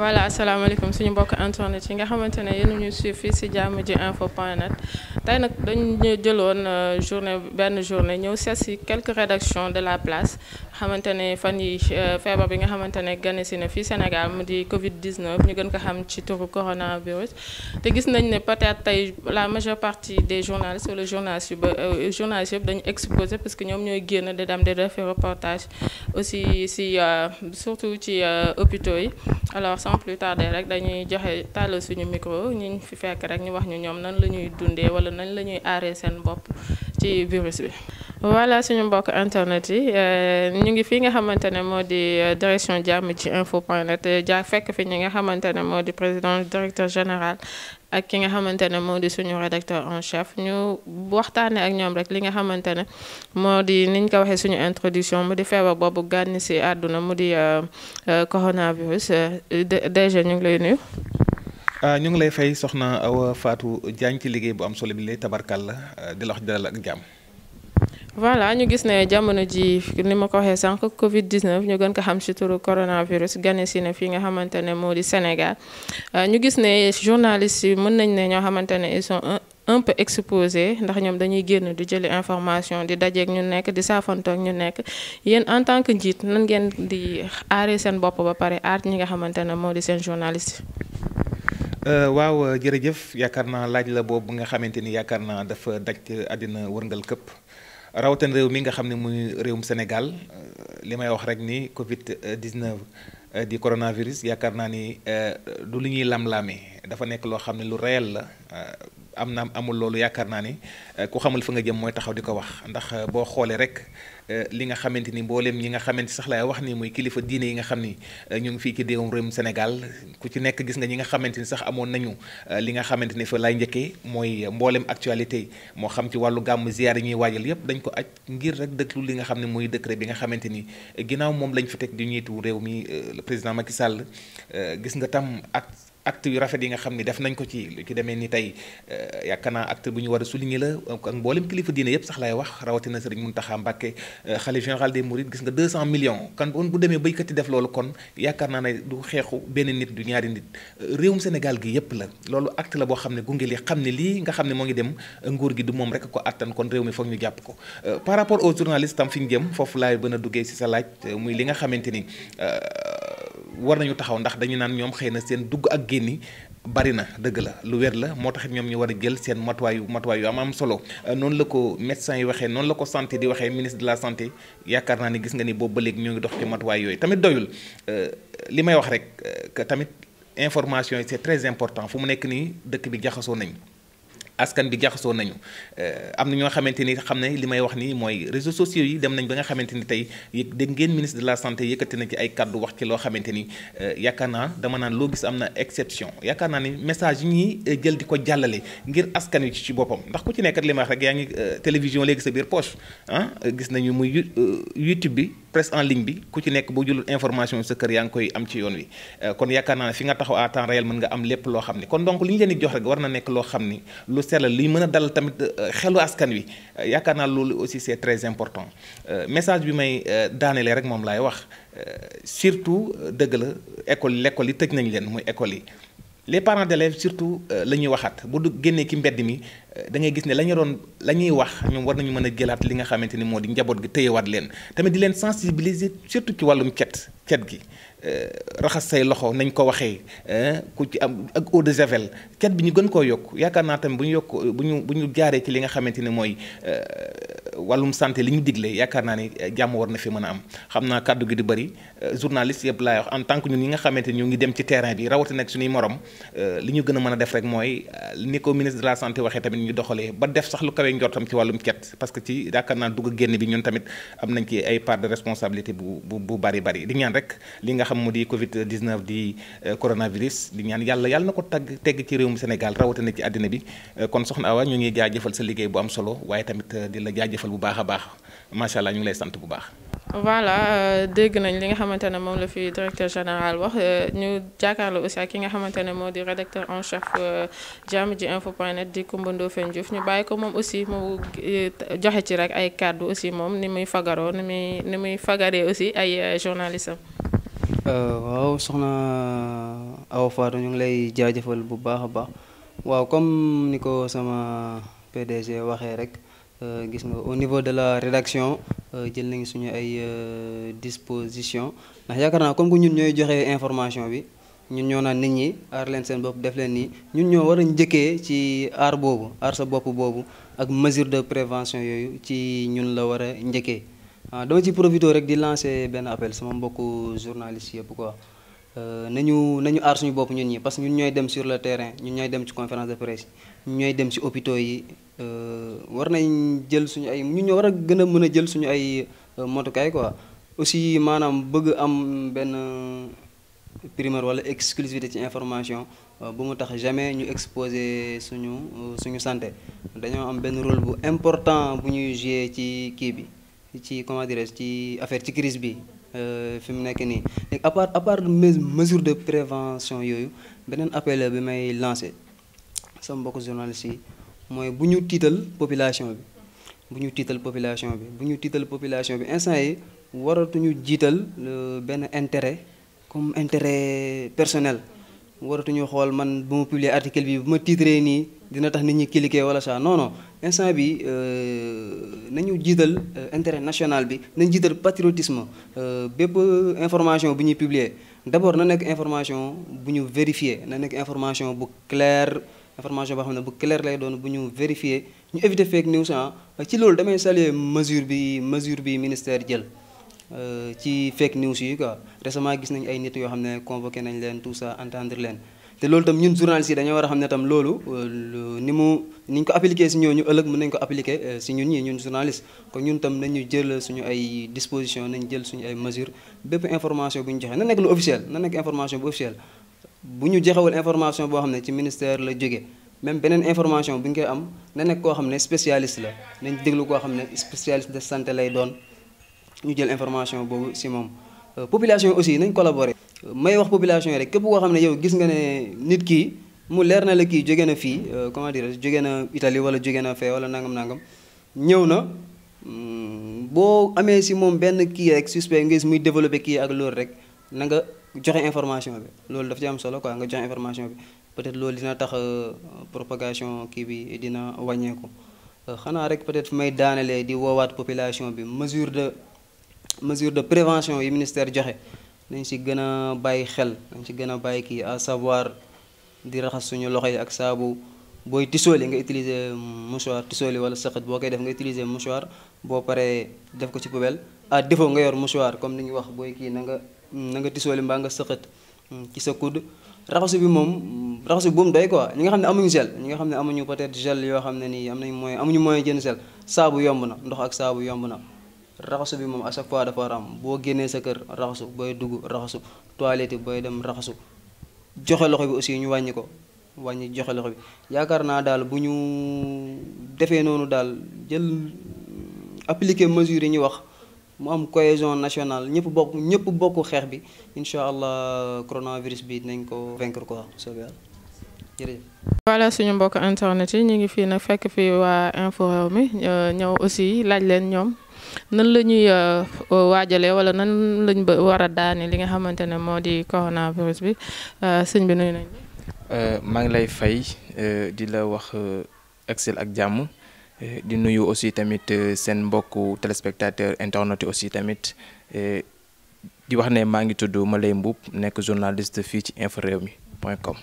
voilà asalaamaaleykum suñu mbokk internet yi nga xamante ne yéen ñu suivre fii si jàmm ji info point net tey nag dañu jëloon euh, journée benn journée ñëw seet si quelques rédactions de la place xamante ne fan yi euh, feebar bi nga xamante ne gane si na fii Sénégal mu di Covid 19 ñu gën ko xam ci turu coronavirus te gis nañ ne peut-être tey la majeure partie des journalistes wala journalistes yu ba euh, journalistes yëpp dañu exposé parce que ñoom ñooy génn di dem di def reportage aussi si surtout ci hôpitaux yi. alors sans plus tarder rek dañuy joxe tàllal suñu micro ñi fi fekk rek ñu wax ñu ñoom nan la ñuy dundee wala nan la ñuy aaree seen bopp ci virus bi. voilà suñu mbokk internet yi euh, ñu ngi fi nga xamante ne moo di euh, direction jàmm ci info point net euh, ja fekk fi ñi nga xamante ne moo di président directeur général ak ki nga xamante ne moo di suñu rédacteur en chef ñu waxtaanee ak ñoom rek li nga xamante ne moo di niñ ko waxee suñu introduction mu di feebar boobu gànn si àdduna mu di coronavirus DG ñu ngi lay nuyu. Ah, ñu ngi lay fay soxna Awa Fatou Diagne ci liggéey bu am solo bi lay tabarkal la ah, di la wax ak jàmm. voilà ñu gis ne jamono ji ni ma ko waxee sànq Covid 19 ñu gën ko xam ci turu coronavirus gane si na fii nga xamante ne moo di Sénégal ah, ñu gis ne journalistes yi mën nañ ne ñoo xamante ne ils sont un peu exposé ndax ñoom dañuy génn di jëli information di dajeek ñu nekk di saafantook ñu nekk yéen en tant que njiit nan ngeen di aaree seen bopp ba pare aar ñi nga xamante ne moo di seen journaliste. Euh, waaw euh, jërëjëf yaakaar naa laaj la boobu nga xamante ni yaakaar naa dafa daj àddina wërngal këpp rawatina réew mi nga xam ne muy réewum Sénégal euh, li may wax rek ni Covid 19 di coronavirus yaakaar naa ni du lu ñuy lam-laame dafa nekk loo xam ne lu reyal la am na amul loolu yaakaar naa ni ku xamul fa nga jëm mooy taxaw di ko wax ndax boo xoolee rek. Euh, li nga xamante ni mbooleem ñi nga xamante sax laay wax nii muy kilifa diine yi nga xam ni euh, ñu ngi fii ci déewum réewum Sénégal ku ci nekk gis nga ñi nga xamante ni sax amoon nañu euh, li nga xamante ni fa laay njëkkee mooy mboolem actualité moo xam ci wàllu gàmm ziar ñuy waajal yépp dañ ko aj ngir rek dëkklu li nga xam ne muy décret bi nga xamante ni ginnaaw moom lañ fi teg di ñiitu réew mi le président Macky Sall gis nga tam ak acte yu rafet yi nga xam ni def nañ ko ci lu ci demee ni tey euh, yaakaar naa acte bu ñu war a souligner la ak kilifa diine yëpp sax laay wax rawatina Serigne Mountakha Mbacké xalif euh, général des Mourides gis nga 200 kan bu demee béykat def loolu kon yaakaar naa ne du xeexu benn nit du ñaari nit euh, réewum Sénégal gi yëpp la loolu acte la boo xam ne gunge li xam ne lii nga xam ne moo ngi dem nguur gi du moom rek ko attan kon réew mi foog ñu jàpp ko par rapport a war nañu taxaw ndax dañu naan ñoom xëy na seen dugg ak génni bari na dëgg la lu wér la moo tax ñoom ñu war a jël seen matuwaayu matuwaay yu am am solo euh, noonu la ko médecin yi waxee noonu la ko santé di waxee ministre de la santé yaakaar naa ni gis nga ni boobu ba léegi ñoo ngi dox ci matuwaay yooyu tamit doyul euh, li may wax rek euh, que tamit information yi c'est très important fu mu nekk nii dëkk bi jaxasoo nañ askan bi jaxasoo nañu eh, am na ñoo xamante ni xam ne li may wax ni mooy réseaux sociaux yi dem nañ ba nga xamante ni tey dégg ngeen ministre de la santé yëkkati na ci ay kàddu wax ci loo xamante ni eh, yaakaar naa dama naan loo gis am na exception yaakaar naa ni message yi ñuy eh, jël di ko jàllale ngir askan wi ci boppam ndax ku ci nekkat li ma wax rek yaa ngi télévision léegi sa biir poche ah gis nañu muy YouTube bi. presse en ligne bi ku ci nekk boo jul information sa kër yaa ngi koy am ci yoon wi euh, kon yaakaar naa ne fi nga taxaw à temps réel mën nga am lépp loo xam ni kon donc li ñu leen di jox rek war na nekk loo xam ni lu sell li mën a dal tamit euh, xelu askan wi euh, yaakaar naa loolu aussi c'est très important message bi may daaneele rek moom laay wax surtout dëgg la école lekkool yi tëj nañ leen muy école yi les parents d'élèves surtout euh, la ñuy waxaat bu du génnee ci mbedd mi euh, da ngay gis ne la ñu doon la ñuy wax ñoom war nañu mën a jëlaat li nga xamante ni moo di njaboot gi téyewaat leen tamit di leen sensibiliser surtout ci wàllum cet cet gi euh, raxas say loxo nañ ko waxee ku ci am ak eau de javel cet bi ñu gën koo yokk yaakaar naa tamit bu ñu yokk bu ñu bu ñu jaaree ci li nga xamante ne mooy euh, wàllum santé li ñu digle yaakaar naa ni euh, jàmm war na fi mën a am xam naa kàddu gi di bëri journaliste yëpp laay wax en tant que ñun ñi nga xamante ni ñu ngi dem ci terrain bi rawatina ak suñuy morom li ñu gën a mën a def rek mooy ni ko ministre de la santé waxee tamit ñu doxalee ba def sax lu kawee njortam ci wàllum cet que ci yaakaar naa dugg bi ñun tamit am nañ ci ay part bu bari bari di rek li nga xam mu di Covid 19 di euh, coronavirus di ñaan yàlla yàlla na ko tagg tegg ci réewum Sénégal rawatina ci àddina bi euh, kon soxna Awa ñu ngi jaajëfal sa liggéey bu am solo waaye tamit euh, di la jaajëfal bu baax a baax macha allah ñu ngi lay sant bu baax. voilà euh, dégg nañ li nga xamante ne moom la fi directeur général wax euh, ñu jàkkaarloo aussi ak ki nga xamante ne moo di rédacteur en chef euh, jàmm ji info point net di Coumba Ndoffène Diouf ñu bàyyi ko moom aussi mu joxe ci rek ay kàddu aussi moom ni muy fagaroo ni muy ni muy fagaree aussi ay journalistes waaw soxna Awa Fatou ñu ngi lay jaajëfal bu baax a baax waaw comme ni ko sama PDG waxee rek gis nga au niveau de la rédaction. Euh, jël nañu suñu ay euh, disposition ndax yaakaar naa comme que ñun ñooy joxe information bi ñun ñoo naan nit ñi aar leen seen bopp def leen nii ñun ñoo war njëkkee ci aar boobu aar sa bopp boobu ak mesure de prévention yooyu ci ñun la war a njëkkee ah, dama ci profité rek di lancer benn appel sama mbokku journaliste yëpp quoi. Euh, nañu nañu aar suñu bopp ñun ñi parce que ñun ñooy dem sur le terrain ñun ñooy dem ci conférence de presse ñun ñooy dem ci hôpitaux yi euh, war nañ jël suñu ay ñun ñoo war a gën a mën a jël suñu ay euh, motukaay quoi aussi maanaam bëgg am benn primeur wala exclusivité ci information bu mu tax jamais ñu exposer suñu suñu santé dañoo am benn rôle bu important bu ñuy jouer ci kii bi ci comment dirais ci affaire ci crise bi Euh, fi mu nekk nii léegi à part à part mesure de prévention yooyu beneen appel bi may lancé sama mbokk journaliste yi mooy bu ñu tiital population bi bu ñu tiital population bi bu ñu tiital population bi instant yi waratuñu jiital euh, benn intérêt comme intéret personnel waratuñu xool man bu ma publier article bi bu ma tiitree nii dina tax nit ñi cliquer wala saa non instant bi euh, nañu jiital euh, intérêt national bi nañu jiital patriotisme euh, bépp information bu ñuy publier d'abord na nekk information bu ñu vérifier na nekk information bu claire information boo xam ne bu claire lay doon bu ñu vérifier ñu éviter fake news ah ci loolu damay saluer mesure bi mesure bi ministère jël ci fake news yi quoi récemment gis nañ ay nit yoo xam ne convoqué nañ leen tout ça entendre leen te loolu tam ñun journalistes yi dañoo war a xam ne tam loolu euh, ni mu ni ñu ko appliqué si ñooñu ëllëg mun nañ ko appliqué euh, si ñun ñi ñun journaliste kon ñun tam nañu jël suñu ay disposition nañu jël suñu ay mesures bépp information bu ñu joxe na nekk lu na nekk information bu officiel bu ñu joxewul information boo xam ne ci ministère la jógee même beneen information bu ñu koy am na nekk koo xam ne spécialiste la nañ déglu koo xam ne spécialiste de santé lay doon ñu jël information boobu si moom euh, population aussi nañ collaborer may wax population yi rek képp koo xam ne yow gis nga ne nit kii mu leer na la kii jóge na fii euh, comment dire jóge na Italie wala jóge na fee wala nangam nangam ñëw na mm, boo amee si moom benn kii rek suspect nga gis muy développé kii ak loolu rek na nga joxe information bi loolu daf ci am solo quoi nga joxe information bi peut-être loolu dina tax euh, propagation kii bi dina wàññeeku. Euh, xanaa rek peut-être fu may daanelee di woowaat population bi mesure de mesure de prévention yi ministère joxe. dañu si gën a bàyyi xel nañ ci gën a bàyyi kii à savoir di raxas suñu loxo yi ak saabu booy tisooli nga utiliser mouchoir tisooli wala sëqët boo koy def nga utiliser mouchoir boo paree def ko ci poubelle à défaut nga yor mouchoir comme ni ñu wax booy kii na nga na nga tisooli mbaa nga sëqët hmm, ci sa kudd raxasu bi moom raxasu bi bu mu doy quoi ñi xam ne amuñu gel ñi nga xam ne amuñu peut-être yoo xam ne nii am nañ mooy amuñu moyen jënd gel saabu yomb na ndox ak saabu yomb na raxasu bi moom à chaque fois dafa boo génnee sa kër raxasu booy dugg raxasu toilette booy dem raxasu joxe loxo bi aussi ñu wàññi ko wàññi joxe bi yaakaar naa daal bu ñu defee noonu daal jël appliquer mesures yi ñu wax mu am cohésion nationale ñëpp bokk ñëpp bokk xeex bi incha allah coronavirus bi dinañ ko vaincre quoi soobee yàlla mbokk internet yi ñu ngi fii nag fekk fii waa info réew mi euh, ñëw aussi laaj leen ñoom. nan la ñuy euh, euh, waajalee wala nan lañ ba war a daane li nga xamante ne moo di coronavirus bi euh, sëñ bi nuyu nañ maa ngi lay fay di la wax excel ak jàmm di nuyu aussi tamit seen mbokku téléspectateur internet yi aussi tamit di wax ne maa ngi tudd ma Maleye Mboup nekk journaliste fii ci info réew mi point com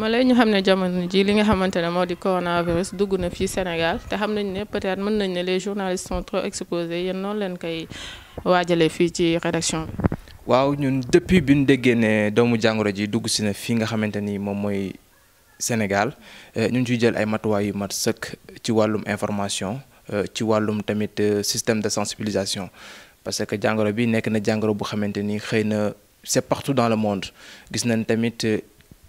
ma lay ñu xam ne jamono ji li nga xamante ne moo di coronavirus dugg na fii Sénégal te xam nañ ne peut-être mën nañ ne les journalistes sont trop exposés yéen noonu leen koy waajalee fii ci rédaction bi. waaw ñun depuis bi ñu déggee ne doomu jàngoro ji dugg si na fii nga xamante ni moom mooy Sénégal eh, ñu ngi ciy jël ay matuwaay yu mat sëkk ci wàllum information eh, ci wàllum tamit eh, système de sensibilisation parce que jàngoro bi nekk na jàngoro bu xamante ni xëy na c'est partout dans le monde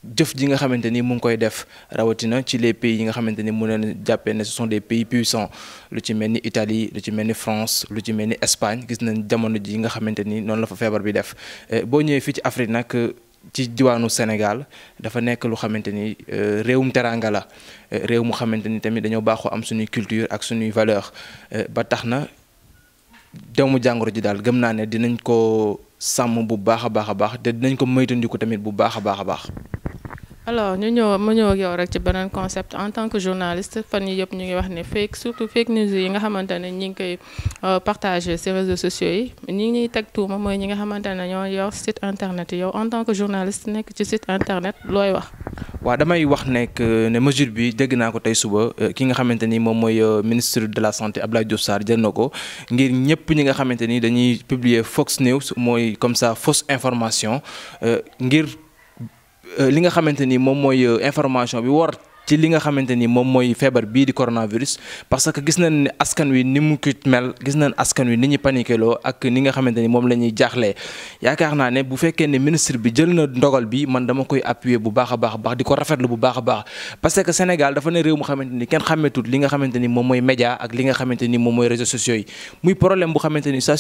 jëf ji nga xamante ni mu ngi koy def rawatina ci les pays yi nga xamante ni mu leen jàppee ne ce sont des pays puissants lu ci mel ni Italie lu ci mel ni France lu ci mel ni Espagne gis nañ jamono ji nga xamante ni noonu la fa feebar bi def eh, boo ñëwee fii ci Afrique nag eh, ci diwaanu Sénégal dafa nekk lu xamante ni eh, réewum teraanga la réew mu xamante ni tamit dañoo baaxoo am suñuy culture ak suñuy valeur ba tax na doomu jàngoro ji daal gëm naa ne dinañ ko sàmm bu baax a baax a baax te dinañ ko moytandiku tamit bu a baax a baax. alors ñu ñëw ma ñëw ak yow rek ci beneen concept en tant que journaliste fan yi yëpp ñu ngi wax ne fake surtout fake news yi nga xamante ne ñi ngi koy euh, partager ci réseaux sociaux yi ñi ñuy teg tuuma mooy ñi nga xamante ne ñoo yor site internet yi yow en tant que journaliste nekk ci site internet looy wax. waa damay wax nekk ne mesure bi dégg naa ko tey suba euh, ki nga xamante ni moom mooy euh, ministre de la santé Abdoulaye Diouf Sarr jël na ko ngir ñëpp ñi nga xamante ni dañuy publier Fox News mooy comme ça fausse information ngir. Euh, li nga xamante ni moom mooy euh, information bi war ci li nga xamante ni moom mooy feebar bii di coronavirus parce que gis nañ ne askan wi ni mu kit mel gis nañ askan wi ni ñu paniqué loo ak ni nga xamante la ñuy jaaxlee yaakaar naa ne bu fekkee ne ministre bi jël na ndogal bi man dama bu baax a baax baax di ko rafetlu bu baax a baax parce que Sénégal li nga xamante ni moom mooy média ak li nga xamante ni moom mooy réseaux sociaux yi muy problème bu xamante ni ça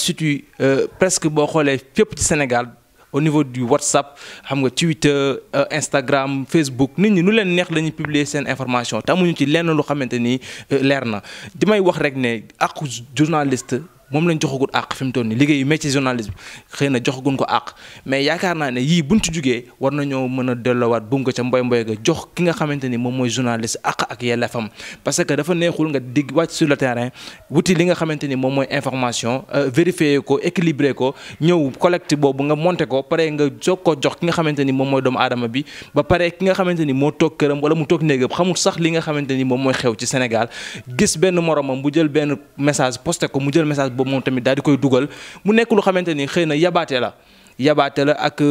euh, presque boo xoolee fépp ci Sénégal au niveau du WhatsApp xam nga Twitter euh, Instagram Facebook nit ñi nu leen neex la publier seen information te amuñu ci lenn lu xamante ni euh, leer na di may wax rek ne ak journaliste. moom lañ joxagul àq fi mu toll nii liggéeyu métier journalisme xëy na joxaguñ ko àq mais yaakaar naa ne yii buñ ci jugee war nañoo mën a delloowaat bu nga ca mboy mboy ga jox ki nga xamante ni moom mooy journaliste àq ak yelleefam parce que dafa neexul nga digg wàcc sur le terrain wuti li nga xamante ni moom information euh, vérifier ko équilibré ko ñëw collecte boobu nga monté ko pare nga soog ko jox ki nga xamante ni moom mooy doomu aadama bi ba pare ki nga xamante ni moo toog këram wala mu toog néegam xamul sax li nga xamante ni moom mooy xew ci Sénégal gis benn moromam bu jël benn message posté mu jël message ba moom tamit daal di koy dugal mu nekk lu xamante ni xëy na yabaate la yabaate la ak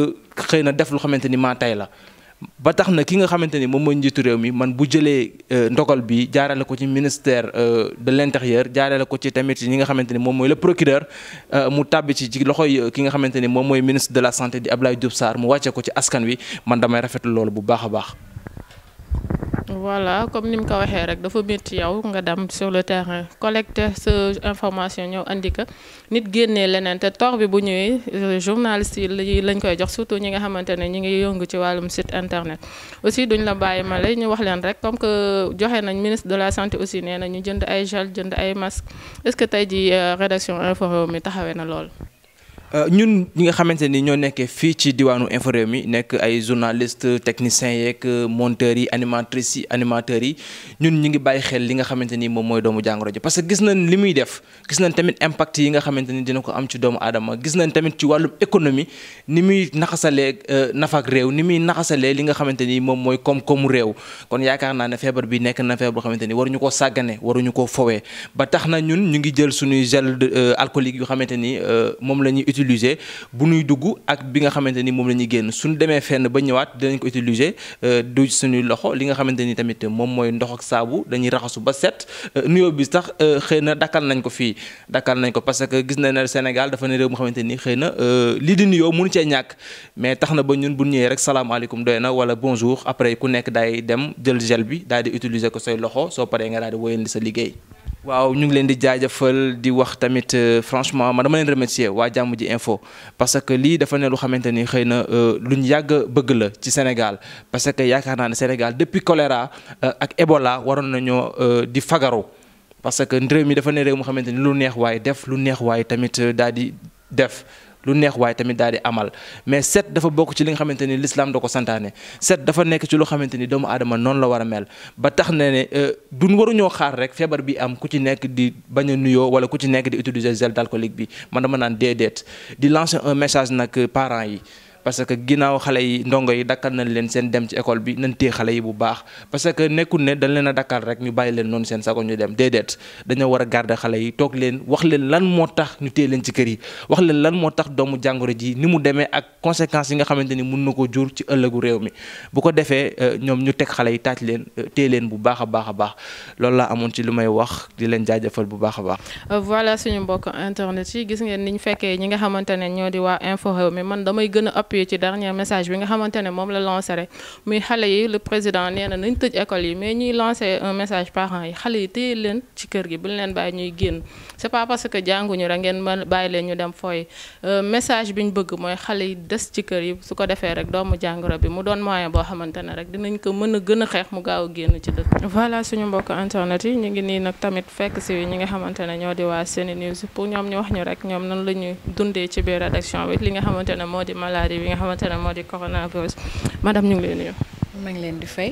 xëy na def lu xamante ni maa tay la ba tax na ki nga xamante ni moom mooy njiitu réew mi man bu jëlee euh, ndogal bi jaarale ko ci ministère euh, de l'intérieur jaarale ko ci tamit ñi nga xamante ni moom mooy le procureur euh, mu tàbbi ci loxo loxoy ki nga xamante ni moom mooy ministre de la santé di Abdoulaye Diouf Sarr mu wàcce ko ci askan wi man damay rafetlu loolu bu baax a baax. voilà comme ni mu ko waxee rek dafa métti yow nga dem sur le terrain collecter sa information ñëw andi ko nit génnee leneen te tort bi bu ñëwee euh, journaliste yi lañ koy jox surtout ñi nga xamante ne ñi ngi yëngu ci wàllum site internet. aussi duñ la bàyyi ma lay ñu wax leen rek comme que joxe nañ ministre de la santé aussi nee na ñu jënd ay gel jënd ay masque est-ce que tey ji euh, rédaction Infos mi taxawee na lool. Euh, ñun ñi nga xamante ni ñoo nekkee fii ci diwaanu Infos Rewmi nekk ay journaliste technicien yeeg euh, monteurs yi animatrices yi animateurs yi ñun ñu ngi bàyyi xel li nga xamante ni moom mooy doomu jàngoro ji parce que gis nañ li muy def gis nañ tamit impact yi nga xamante ni dina ko am ci doomu aadama gis nañ tamit ci wàllum économie ni muy naxasalee euh, nafak réew ni muy naxasalee li nga xamante ni moom mooy koom réew kon yaakaar naa ne feebar bi nekk na feebar boo xamante ni waruñu koo sàggane waruñu koo fowee ba tax na ñun ñu ngi jël suñuy gel alcoolique yu xamante ni moom la ñuy utiliser bu nuy dugg ak bi nga xamante ni moom la ñuy génn suñu demee fenn ba ñëwaat dinañ ko utiliser euh, du suñuy loxo li nga xamante ni tamit moom mooy ndox ak saabu dañuy raxasu ba set euh, nuyoo bi sax euh, xëy na dakkal nañ ko fii dakkal nañ ko parce que gis nañ ne Sénégal dafa ne réew mu xamante ni xëy na li di nuyoo mënu cee ñàkk mais tax na ba ñun bu ñëwee rek salaamaaleykum doy na wala bonjour après ku nekk daay dem jël gel bi daal di utiliser ko say loxo soo paree nga daal di wéyandi sa liggéey waaw ñu ngi leen di jaajëfal di wax tamit euh, franchement man dama leen remercier waa jàmm ji info parce que lii dafa ne lu xamante ni xëy na euh, lu ñu yàgg bëgg la ci Sénégal parce que yaakaar naa ne Sénégal depuis choléra euh, ak ébola waroon na nañoo di fagaru parce que réew mi dafa ne réew mu xamante ni lu neex waaye def lu neex waaye tamit daal di def. lu neex waaye tamit daal di amal mais set dafa bokk ci li nga xamante ni l'islam da ko santaane set dafa nekk ci loo xamante ni doomu adama noonu la war a mel ba tax na ne euh, duñ waruñoo xaar rek feebar bi am ku ci nekk di bañ a nuyoo wala ku ci nekk di utiliser gel d'alcoolique bi man dama naan déedéet di lancer un message nag euh, parents yi parce que ginnaaw xale yi ndongo yi dakkal nañ leen seen dem ci école bi nañ xale yi bu baax parce que nekkul ne dañ leen a dakkal rek ñu bàyyi leen noonu seen sago ñu dem déedéet dañoo war a garder xale yi toog leen wax leen lan moo tax doomu jàngoro ji ni mu demee ak conséquences yi nga xamante mun na ko jur ci ëllëgu réew mi bu ko defee euh, ñoom ñu teg xale yi taaj leen euh, téye leen bu baax a baax a baax loolu laa amoon ci lu may wax di leen jaajëfal bu baax a euh, a appuyer ci dernier message bi nga xamante moom la lancé rek muy xale yi le président nee nañ tëj école yi mais ñuy lancé un message parents yi xale yi téye leen ci kër gi buñ leen bàyyi ñuy génn euh, ci kër yi su ko defee rek doomu jàngoro bi mu doon moyen boo xamante ne rek dinañ ko mën a a xeex mu gaaw a génn ci dëkk. voilà suñu mbokk internet yi ñu ngi nii nag tamit fekk si ñi nga xamante ñoo di waa Sene News pour ñoom ñu wax ñu rek ñoom nan la bi nga xamante ne moo di coronavirus madame ñu ngi leen nuyu. maa ngi leen di fay.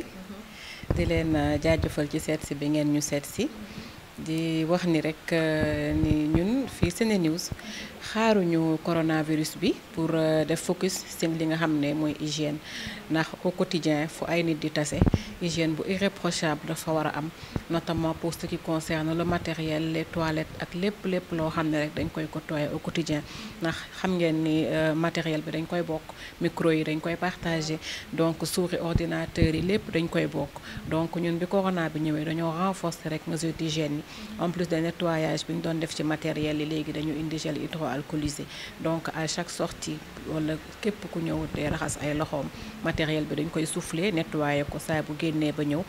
di leen uh, jaajëfal ci seet si bi ngeen ñu seet si. di wax ni rek uh, ni ñun fii SeneNews xaaruñu coronavirus bi pour uh, def focus ci li nga xam ne mooy hygiène ndax au quotidien fu ay nit di tase. hygiène bu irréprochable dafa war a am notamment pour ce qui concerne le matériel les toilettes ak lépp lépp loo xam ne rek dañ koy côtoyer au quotidien ndax xam ngeen ni euh, matériel bi dañ koy bokk micro yi dañ koy partagé donc souris ordinateur yi lépp dañ koy bokk donc ñun bi corona bi ñëwee dañoo renforcer rek mesure d'hygiène yi en plus de nettoyage bi ñu doon def ci matériel yi léegi dañu indi gel hydroalcoolisé donc à chaque sortie wala képp ku ñëw dee raxas ay loxoom génnee ba ñëw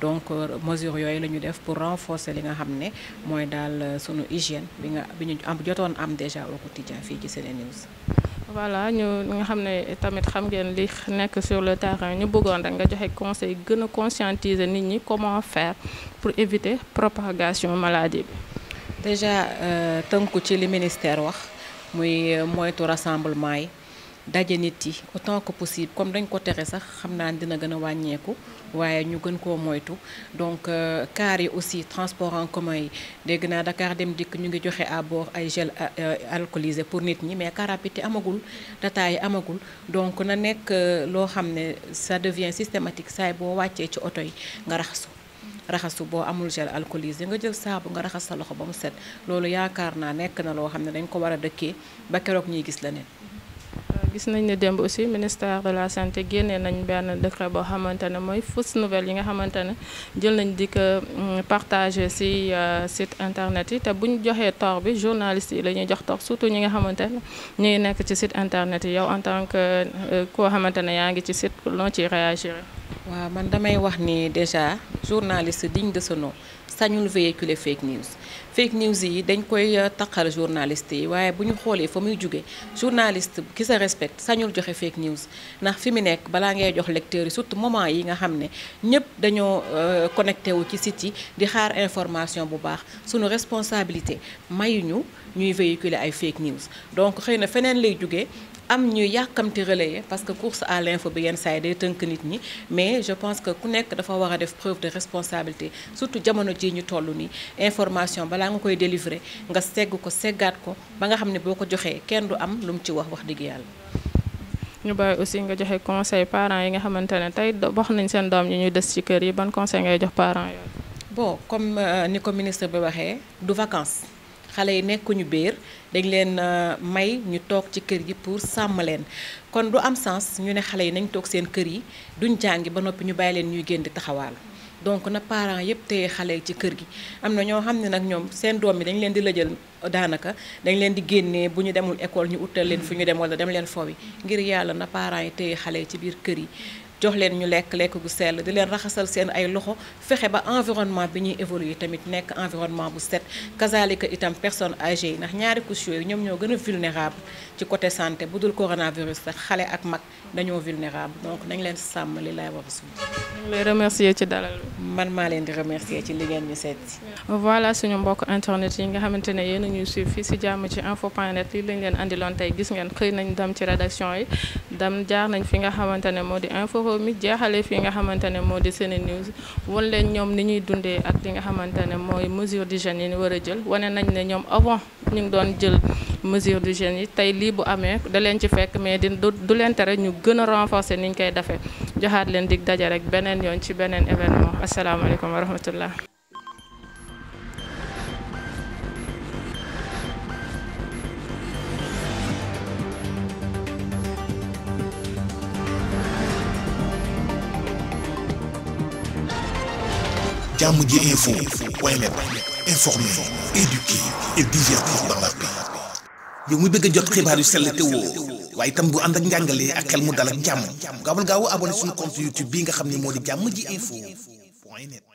donc euh, mesure yooyu la ñu def pour renforcer li nga xam ne mooy daal euh, sunu hygiène bi nga bi ñu am jotoon am déjà au quotidien fii ci SeneNews voilà ñu nga xam ne tamit xam ngeen li nekk sur le terrain ñu bëggoon rek nga joxe conseil gën a conscientiser nit ñi comment faire pour éviter propagation maladie bi déjà euh, tënku ci li ministère wax muy moytu rassemblement yi daje nit yi autant que possible comme dañ ko tere sax xam naa dina gën wàññeeku waaye ñu gën koo moytu donc euh, car yi aussi transport en yi dégg naa dakaar dem dikk ñu ngi joxe à bord ay gel euh, alcoolisé pour nit ñi mais car rapide amagul tata yi amagul donc na nekk euh, loo xam ne ça devient systématique saay boo wàccee ci oto yi nga raxasu raxasu boo amul gel alcoolisé nga jël saabu nga raxas sa loxo ba mu set loolu yaakaar naa nekk na loo xam ne dañ ko war a dëkkee ba keroog ñuy gis leneen gis nañ ne démb aussi ministère de la santé génnee nañ benn décret boo xamante ne mooy fausse nouvelle yi nga xamante ne jël nañ di ko euh, partager ci euh, site internet yi te buñ joxee tort bi journaliste yi la ñuy jox tort surtout ñi nga xamante ne ñuy nekk ci site internet yi yow en tant que euh, koo xamante ne yaa ngi ci site loo ci réagir. waaw man damay wax ni déjà journalist diñ de sañul véhiculer fake news fake news yi dañ koy euh, taqal journaliste yi waaye bu ñu xoolee fa muy jóge journaliste ki sa respect sañul joxe fake news ndax fi mu nekk balaa ngay jox lecteurs yi surtout moment yi nga xam ne ñëpp dañoo euh, connecté wu ci site di xaar information bu baax sunu responsabilité mayuñu ñuy véhiculer ay fake news donc xëy na feneen lay jóge am ñuy yàkkamti relayer parce que course à l'info bi yenn saa yi day tënk nit ñi mais je pense que ku nekk dafa war a def preuve de responsabilité surtout jamono ji ñu toll nii information balaa nga koy délivrer nga segg ko seggaat ko ba nga xam ne boo ko joxee kenn du am lu mu ci wax wax dëgg yàlla. ñu bàyyi aussi nga joxe conseil parents yi nga xamante ne tey wax nañ seen doom yi ñu des ci kër yi ban conseil ngay jox parents yooyu. bon comme euh, ni ko ministre bi waxee du xale yi nekkuñu biir dañ leen euh, may ñu toog ci kër gi pour sàmm leen kon du am sens ñu ne xale yi nañ toog seen kër yi duñ jàngi ba noppi ñu bàyyi leen ñuy génn di taxawaal donc na parents yëpp téye xale yi ci kër gi am na ñoo xam ne nag ñoom seen doom yi dañ leen di lëjal daanaka dañ leen di génnee bu ñu demul école ñu utal leen fu ñu dem wala dem leen fowi ngir yàlla na parent yi téye xale yi ci biir kër yi jox leen ñu lekk lekk gu sell di leen raxasal seen ay loxo fexe ba environnement bi ñuy évoluer tamit nekk environnement bu set kazalika itam personne âgée yi ndax ñaari couche yooyu ñoom ñoo gën a vulnérable ci côté santé bu dul coronavirus sax xale ak mag dañoo vulnérable donc nañu leen sàmm li lay wax lay remercier ci dalal man maa leen di remercier ci liggéey ñu seet si. voilà suñu mbokk internet yi nga xamante ne yéen a ñuy suivre fii si jàmm ci info point net lii lañ leen andiloon tey gis ngeen xëy nañ dem ci rédaction yi dem jaar nañ fi nga xamante ne moo di info mi jeexale fi nga xamante ne moo di Sene News wan leen ñoom ni ñuy dundee ak li nga xamante ne mooy mesure d'hygiène yi ñu war a jël wane nañ ne ñoom avant ñu ngi doon jël mesure d'hygiène yi tey lii bu amee da leen ci fekk mais di du leen tere ñu gën a renforcer ni ñu koy defee. joxaat leen dig daje rek beneen yoon ci beneen événement asalaamaaleykum wa rahmatullah jàmm et divertir dans la paix. mi bëgg jot xibaar yu sell te waaye tam bu ànd ak njàngalee ak xel mu dal ak jàmm gaawal gaaw abonné suñu compte YouTube bi nga xam ne moo di jàmm ji info